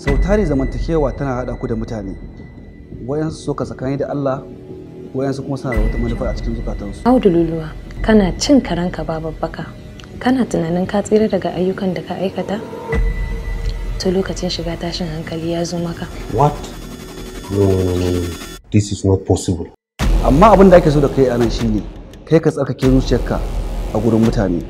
sau tari zamantakewa tana hada ku da mutane wayansu ka tsakani da Allah wayansu kuma suna da wata manufa a cikin zukatansu Audu Luluwa kana cin karanka ba babbaka kana tunanin ka tsira daga ayyukan da ka aikata to lokacin shiga tashin hankali ya zo maka what no this is not possible amma abin da ake so da kai anan shine kai ka tsarkake zuciyarka a gurin mutane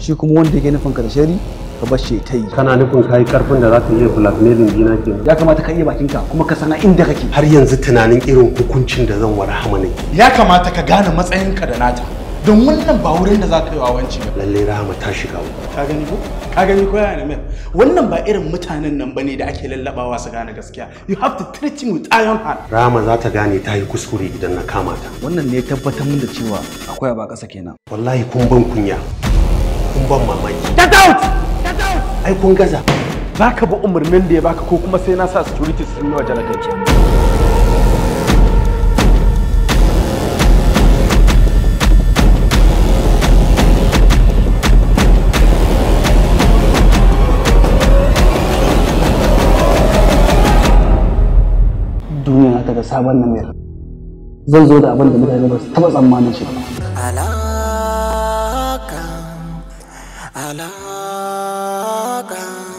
shi kuma wanda yake nufin ka da shari ka bar shi ta yi kana nufin kai karfin da zaka iya blackmailing dina ke ya kamata ka iya bakinka kuma ka sana inda kake har yanzu tunanin irin hukuncin da zan wara hama ne ya kamata ka gane matsayinka da nata don wannan ba wurin da za ka yi wawanci ba lalle rahama ta shiga ka gani ko ka gani ko yana mai wannan ba irin mutanen nan bane da ake lallabawa su gane gaskiya you have to treat him with iron hand rahama za ta gane ta yi kuskure idan na kama ta wannan ne tabbatar mun da cewa akwai ba ƙasa kenan wallahi kun ban kunya kun ban mamaki get out ai kun gaza ba ka bi umarnin da ya baka ko kuma sai na sa security sun yi jala na ce duniya ta da sabon nan namir zan zo da abin da mutane ba su taba tsammanin shi ba alaka alaka пока.